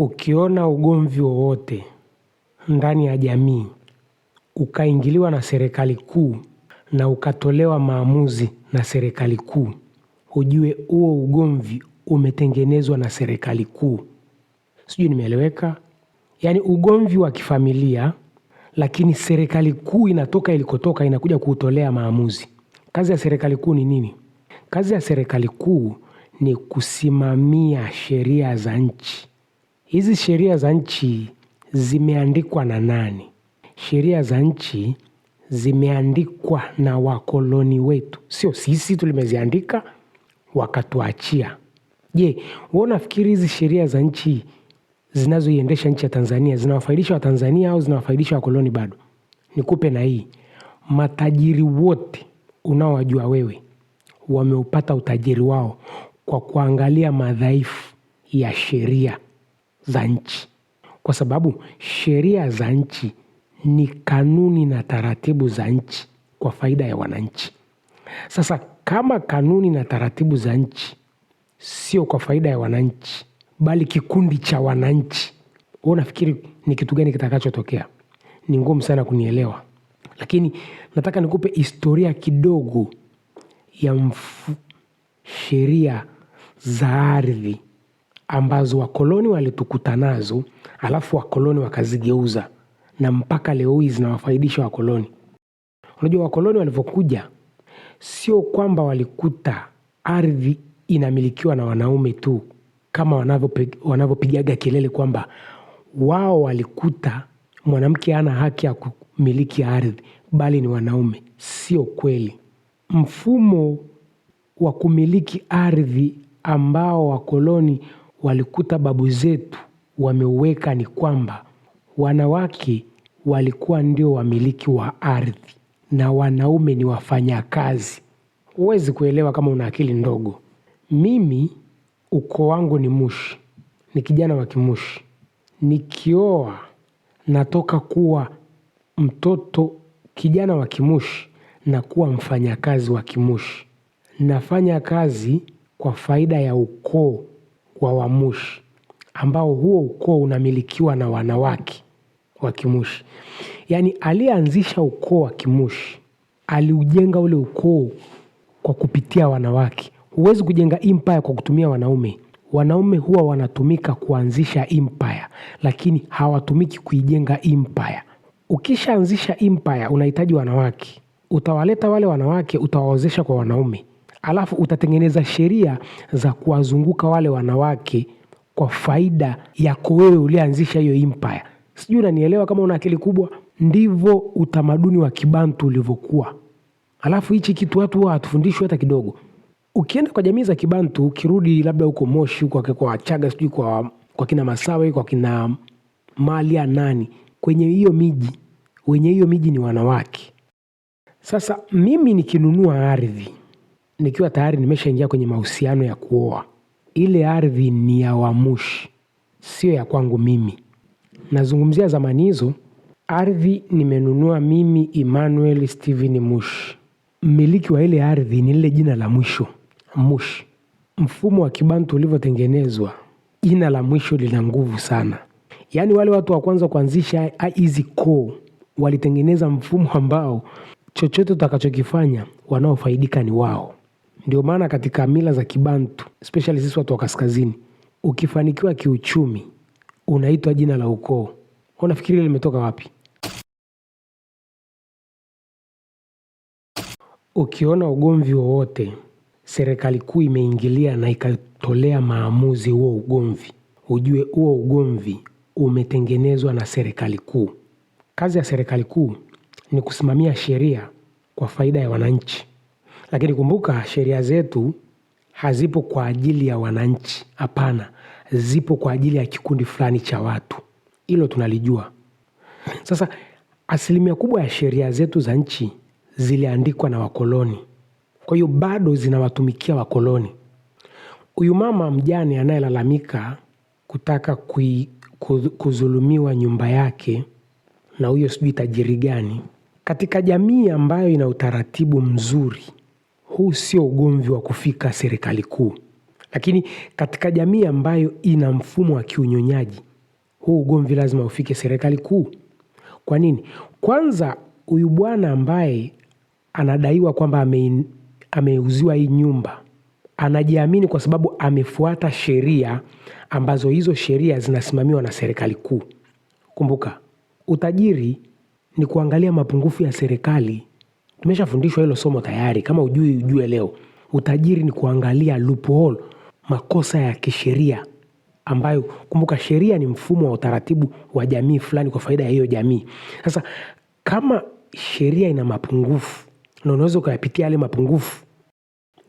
Ukiona ugomvi wowote ndani ya jamii ukaingiliwa na serikali kuu na ukatolewa maamuzi na serikali kuu, ujue huo ugomvi umetengenezwa na serikali kuu. Sijui nimeeleweka? Yaani ugomvi wa kifamilia, lakini serikali kuu inatoka ilikotoka inakuja kuutolea maamuzi. Kazi ya serikali kuu ni nini? Kazi ya serikali kuu ni kusimamia sheria za nchi hizi sheria za nchi zimeandikwa na nani? Sheria za nchi zimeandikwa na wakoloni wetu, sio sisi tulimeziandika wakatuachia. Je, wewe unafikiri hizi sheria za nchi zinazoiendesha nchi ya Tanzania zinawafaidisha Watanzania au zinawafaidisha wakoloni? Bado nikupe na hii, matajiri wote unaowajua wewe wameupata utajiri wao kwa kuangalia madhaifu ya sheria za nchi. Kwa sababu sheria za nchi ni kanuni na taratibu za nchi kwa faida ya wananchi. Sasa kama kanuni na taratibu za nchi, sio kwa faida ya wananchi, bali kikundi cha wananchi, wewe unafikiri ni kitu gani kitakachotokea? Ni ngumu sana kunielewa, lakini nataka nikupe historia kidogo ya sheria za ardhi ambazo wakoloni walitukuta nazo, alafu wakoloni wakazigeuza na mpaka leo hii zinawafaidisha wakoloni. Unajua, wakoloni walivyokuja, sio kwamba walikuta ardhi inamilikiwa na wanaume tu kama wanavyopigaga kelele kwamba wao walikuta mwanamke ana haki ya kumiliki ardhi, bali ni wanaume. Sio kweli. Mfumo wa kumiliki ardhi ambao wakoloni walikuta babu zetu wameuweka ni kwamba wanawake walikuwa ndio wamiliki wa ardhi na wanaume ni wafanyakazi. Huwezi kuelewa kama una akili ndogo. Mimi ukoo wangu ni Mushi, ni kijana wa Kimushi. Nikioa natoka kuwa mtoto kijana wa Kimushi na kuwa mfanyakazi wa Kimushi. Nafanya kazi kwa faida ya ukoo wa Wamushi ambao huo ukoo unamilikiwa na wanawake wa Kimushi. Yaani aliyeanzisha ukoo wa Kimushi aliujenga ule ukoo kwa kupitia wanawake. Huwezi kujenga empire kwa kutumia wanaume. Wanaume huwa wanatumika kuanzisha empire, lakini hawatumiki kuijenga empire. Ukishaanzisha empire unahitaji wanawake, utawaleta wale wanawake, utawaozesha kwa wanaume, alafu utatengeneza sheria za kuwazunguka wale wanawake kwa faida yako wewe ulianzisha hiyo empire. Sijui unanielewa kama una akili kubwa. Ndivyo utamaduni wa kibantu ulivyokuwa. Alafu hichi kitu watu hatufundishwi hata kidogo. Ukienda kwa jamii za kibantu, ukirudi labda huko Moshi, huko kwa Wachaga, sijui kwa, kwa kina Masawe, kwa kina ya nani, kwenye hiyo miji wenye hiyo miji ni wanawake. Sasa mimi nikinunua ardhi nikiwa tayari nimeshaingia kwenye mahusiano ya kuoa, ile ardhi ni ya Wamushi, sio ya kwangu mimi. Nazungumzia zamani hizo, ardhi nimenunua mimi Emmanuel Steven mush Mmiliki wa ile ardhi ni lile jina la mwisho mush Mfumo wa Kibantu ulivyotengenezwa, jina la mwisho lina nguvu sana. Yaani wale watu wa kwanza kuanzisha hizi koo walitengeneza mfumo ambao chochote utakachokifanya wanaofaidika ni wao. Ndio maana katika mila za Kibantu, especially sisi watu wa kaskazini, ukifanikiwa kiuchumi unaitwa jina la ukoo. Unafikiri limetoka wapi? Ukiona ugomvi wowote, serikali kuu imeingilia na ikatolea maamuzi huo ugomvi, ujue huo ugomvi umetengenezwa na serikali kuu. Kazi ya serikali kuu ni kusimamia sheria kwa faida ya wananchi. Lakini kumbuka sheria zetu hazipo kwa ajili ya wananchi, hapana, zipo kwa ajili ya kikundi fulani cha watu. Hilo tunalijua. Sasa asilimia kubwa ya sheria zetu za nchi ziliandikwa na wakoloni, kwa hiyo bado zinawatumikia wakoloni. Huyu mama mjane anayelalamika kutaka kui, kuzulumiwa nyumba yake na huyo sijui tajiri gani, katika jamii ambayo ina utaratibu mzuri huu sio ugomvi wa kufika serikali kuu, lakini katika jamii ambayo ina mfumo wa kiunyonyaji, huu ugomvi lazima ufike serikali kuu. Kwa nini? Kwanza, huyu bwana ambaye anadaiwa kwamba ame, ameuziwa hii nyumba anajiamini kwa sababu amefuata sheria ambazo hizo sheria zinasimamiwa na serikali kuu. Kumbuka, utajiri ni kuangalia mapungufu ya serikali Tumeshafundishwa hilo somo tayari. Kama ujui, ujue leo. Utajiri ni kuangalia loophole, makosa ya kisheria ambayo kumbuka, sheria ni mfumo wa utaratibu wa jamii fulani kwa faida ya hiyo jamii. Sasa kama sheria ina mapungufu na unaweza ukayapitia yale mapungufu,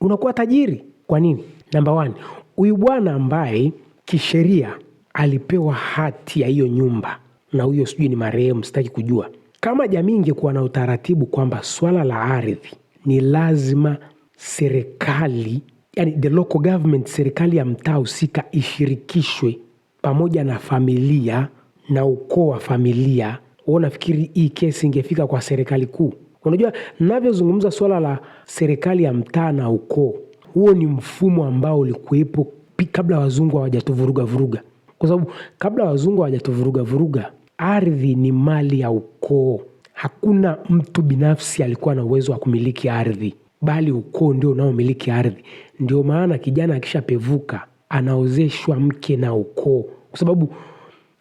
unakuwa tajiri. Kwa nini? Namba huyu bwana ambaye kisheria alipewa hati ya hiyo nyumba na huyo sijui ni marehemu, sitaki kujua, kama jamii ingekuwa na utaratibu kwamba swala la ardhi ni lazima serikali, yani the local government, serikali ya mtaa husika ishirikishwe pamoja na familia na ukoo wa familia, wewe nafikiri hii kesi ingefika kwa serikali kuu? Unajua, navyozungumza swala la serikali ya mtaa na ukoo, huo ni mfumo ambao ulikuwepo kabla wazungu hawajatuvuruga vuruga, kwa sababu kabla wazungu hawajatuvuruga vuruga, ardhi ni mali ya ukoo ukoo. Hakuna mtu binafsi alikuwa na uwezo wa kumiliki ardhi, bali ukoo ndio unaomiliki ardhi. Ndio maana kijana akishapevuka anaozeshwa mke na ukoo, kwa sababu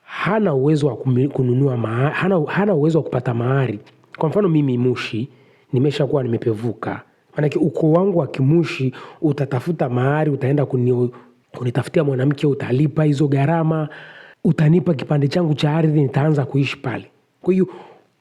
hana uwezo wa kununua mahari, hana, hana uwezo wa kupata mahari. Kwa mfano mimi Mushi nimeshakuwa nimepevuka, maanake ukoo wangu wa Kimushi utatafuta mahari, utaenda kuni, kunitafutia mwanamke, utalipa hizo gharama, utanipa kipande changu cha ardhi, nitaanza kuishi pale. Kwa hiyo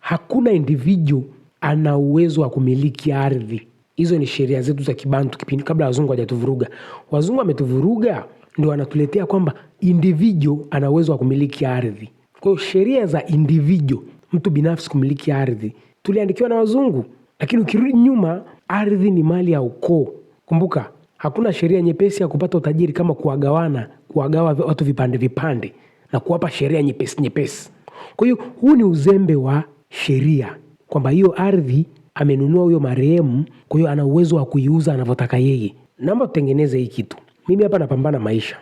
hakuna individual ana uwezo wa kumiliki ardhi. Hizo ni sheria zetu za kibantu kipindi kabla wazungu hawajatuvuruga. Wazungu wametuvuruga, ndio wanatuletea kwamba individual ana uwezo wa kumiliki ardhi. Kwa hiyo sheria za individual, mtu binafsi kumiliki ardhi, tuliandikiwa na wazungu, lakini ukirudi nyuma, ardhi ni mali ya ukoo. Kumbuka hakuna sheria nyepesi ya kupata utajiri kama kuwagawana, kuwagawa watu vipande vipande na kuwapa sheria nyepesi nyepesi. Kwa hiyo huu ni uzembe wa sheria kwamba hiyo ardhi amenunua huyo marehemu, kwa hiyo ana uwezo wa kuiuza anavyotaka yeye. Naomba tutengeneze hii kitu, mimi hapa napambana maisha,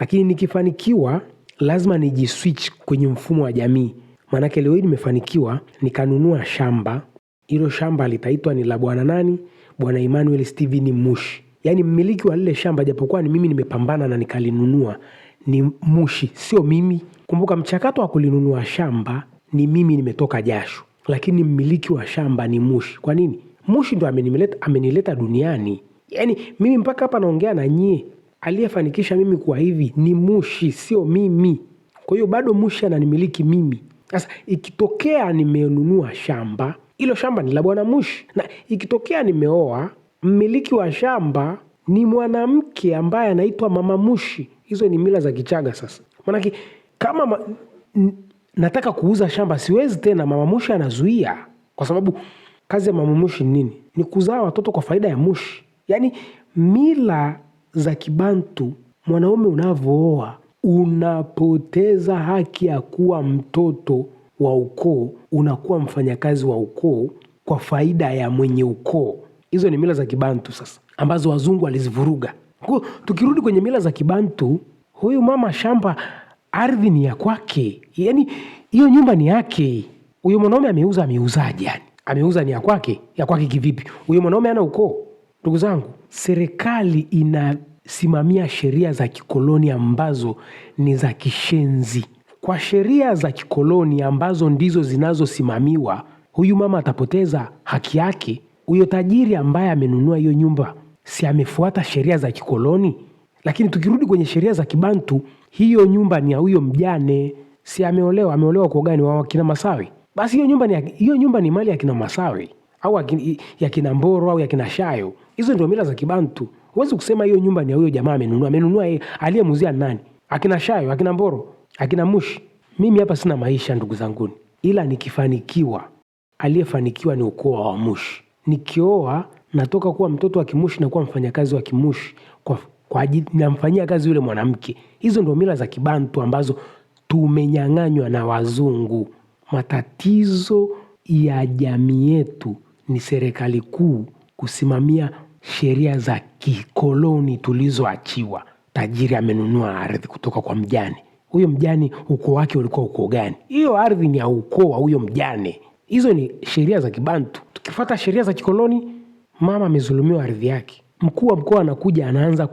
lakini nikifanikiwa lazima nijiswitch kwenye mfumo wa jamii. Maanake leo hii nimefanikiwa nikanunua shamba, hilo shamba litaitwa ni la bwana nani, bwana Emmanuel Steven Mushi, yaani mmiliki wa lile shamba, japokuwa ni mimi nimepambana na nikalinunua, ni Mushi, sio mimi. Kumbuka mchakato wa kulinunua shamba ni mimi nimetoka jasho, lakini mmiliki wa shamba ni Mushi. Kwa nini? Mushi ndo amenileta, amenileta duniani. Yaani mimi mpaka hapa naongea na nyie, aliyefanikisha mimi kuwa hivi ni Mushi, sio mimi. Kwa hiyo bado Mushi ananimiliki mimi. Sasa ikitokea nimenunua shamba, hilo shamba ni la bwana Mushi, na ikitokea nimeoa, mmiliki wa shamba ni mwanamke ambaye anaitwa mama Mushi. Hizo ni mila za Kichaga. Sasa manake kama ma nataka kuuza shamba, siwezi tena, mama mushi anazuia. Kwa sababu kazi ya mama mushi ni nini? Ni kuzaa watoto kwa faida ya mushi. Yaani mila za Kibantu, mwanaume unavyooa unapoteza haki ya kuwa mtoto wa ukoo, unakuwa mfanyakazi wa ukoo kwa faida ya mwenye ukoo. Hizo ni mila za Kibantu sasa ambazo wazungu walizivuruga. tukirudi kwenye mila za Kibantu, huyu mama shamba ardhi ni ya kwake, yani hiyo nyumba ni yake. Huyo mwanaume ameuza, ameuzaje? Yani ameuza ni ya kwake, ya kwake kivipi? Huyo mwanaume ana ukoo? Ndugu zangu, serikali inasimamia sheria za kikoloni ambazo ni za kishenzi. Kwa sheria za kikoloni ambazo ndizo zinazosimamiwa, huyu mama atapoteza haki yake. Huyo tajiri ambaye amenunua hiyo nyumba, si amefuata sheria za kikoloni? Lakini tukirudi kwenye sheria za kibantu hiyo nyumba ni ya huyo mjane, si ameolewa. Ameolewa kwa gani? wa kina Masawi? Basi hiyo nyumba ni hiyo nyumba ni mali ya kina Masawi au ya kina Mboro au ya kina Shayo. Hizo ndio mila za Kibantu. Huwezi kusema hiyo nyumba ni ya huyo jamaa amenunua. Amenunua yeye, aliyemuzia nani? Akina Shayo, akina Mboro, akina Mushi. Mimi hapa sina maisha ndugu zanguni, ila nikifanikiwa, aliyefanikiwa ni ukoo wa Mushi. Nikioa natoka kuwa mtoto wa Kimushi na kuwa mfanyakazi wa Kimushi kwa kwa ajili namfanyia kazi yule mwanamke. Hizo ndio mila za kibantu ambazo tumenyang'anywa na wazungu. Matatizo ya jamii yetu ni serikali kuu kusimamia sheria za kikoloni tulizoachiwa. Tajiri amenunua ardhi kutoka kwa mjane. Huyo mjane ukoo wake ulikuwa ukoo gani? Hiyo ardhi ni ya ukoo wa huyo mjane. Hizo ni sheria za kibantu. tukifata sheria za kikoloni, mama amezulumiwa ardhi yake mkuu wa mkoa anakuja anaanza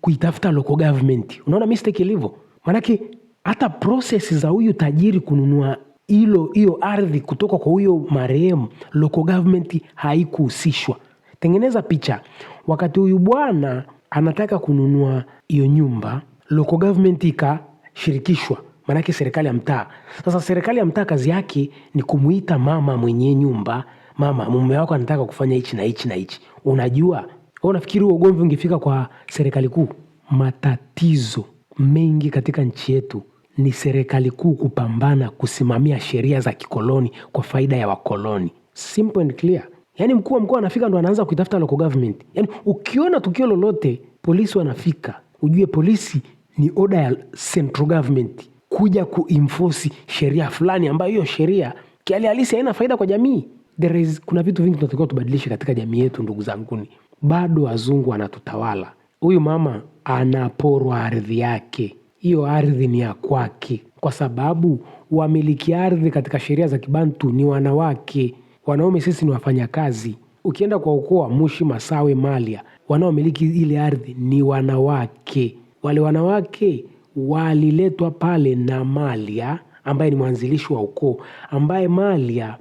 kuitafuta local government. Unaona mistake ilivyo, maanake hata process za huyu tajiri kununua hilo hiyo ardhi kutoka kwa huyo marehemu, local government haikuhusishwa. Tengeneza picha, wakati huyu bwana anataka kununua hiyo nyumba, local government ikashirikishwa maanake serikali ya mtaa. Sasa serikali ya mtaa kazi yake ni kumuita mama mwenye nyumba, mama, mume wako anataka kufanya hichi na hichi na hichi, unajua kwa nafikiri huo ugomvi ungefika kwa serikali kuu? Matatizo mengi katika nchi yetu ni serikali kuu kupambana kusimamia sheria za kikoloni kwa faida ya wakoloni. Simple and clear. Yaani mkuu wa mkoa anafika ndo anaanza kuitafuta local government. Yaani ukiona tukio lolote, polisi wanafika. Ujue polisi ni order ya central government kuja kuinforce sheria fulani ambayo hiyo sheria halisi haina faida kwa jamii. There is, kuna vitu vingi tunatakiwa tubadilishe katika jamii yetu ndugu zanguni bado wazungu wanatutawala. Huyu mama anaporwa ardhi yake, hiyo ardhi ni ya kwake, kwa sababu wamiliki ardhi katika sheria za kibantu ni wanawake. Wanaume sisi ni wafanyakazi. Ukienda kwa ukoo wa Mushi, Masawe, malia wanaomiliki ile ardhi ni wanawake. Wale wanawake waliletwa pale na malia ambaye ni mwanzilishi wa ukoo, ambaye malia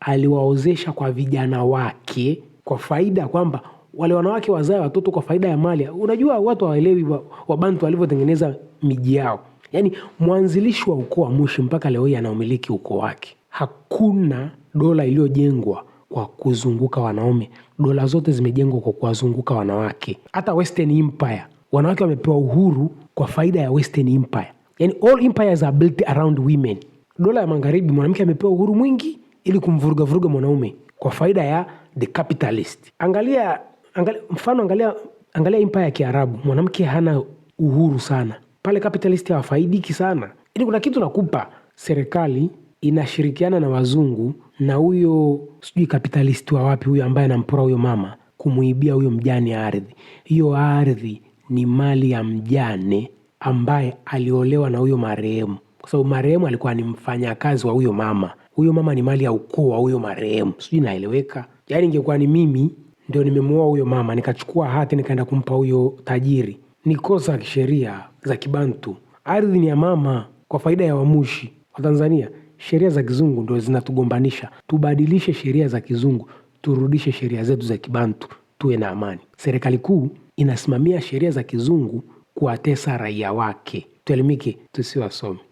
aliwaozesha kwa vijana wake kwa faida kwamba wale wanawake wazae watoto kwa faida ya mali. Unajua watu hawaelewi Wabantu walivyotengeneza miji yao. Yaani mwanzilishi wa ukoo wa Mushi mpaka leo hii anaumiliki ukoo wake. Hakuna dola iliyojengwa kwa kuzunguka wanaume. Dola zote zimejengwa kwa kuwazunguka wanawake. Hata Western Empire wanawake wamepewa uhuru kwa faida ya Western Empire. Yani, all empires are built around women. Dola ya magharibi, mwanamke amepewa uhuru mwingi ili kumvurugavuruga mwanaume kwa faida ya the capitalist. Angalia angalia, mfano angalia, angalia impa ya Kiarabu, mwanamke hana uhuru sana pale, kapitalisti hawafaidiki sana. ili yaani kuna kitu nakupa serikali inashirikiana na wazungu na huyo sijui kapitalisti wa wapi huyo ambaye anampora huyo mama kumuibia huyo mjane ardhi. Hiyo ardhi ni mali ya mjane ambaye aliolewa na huyo marehemu, kwa sababu marehemu alikuwa ni mfanyakazi wa huyo mama. Huyo mama ni mali ya ukoo wa huyo marehemu. Sijui naeleweka? Yaani ingekuwa ni mimi ndio nimemuoa huyo mama, nikachukua hati nikaenda kumpa huyo tajiri. Ni kosa la kisheria za Kibantu. Ardhi ni ya mama kwa faida ya wamushi wa Tanzania. Sheria za kizungu ndio zinatugombanisha. Tubadilishe sheria za kizungu, turudishe sheria zetu za Kibantu, tuwe na amani. Serikali kuu inasimamia sheria za kizungu kuwatesa raia wake. Tuelimike tusiwasome.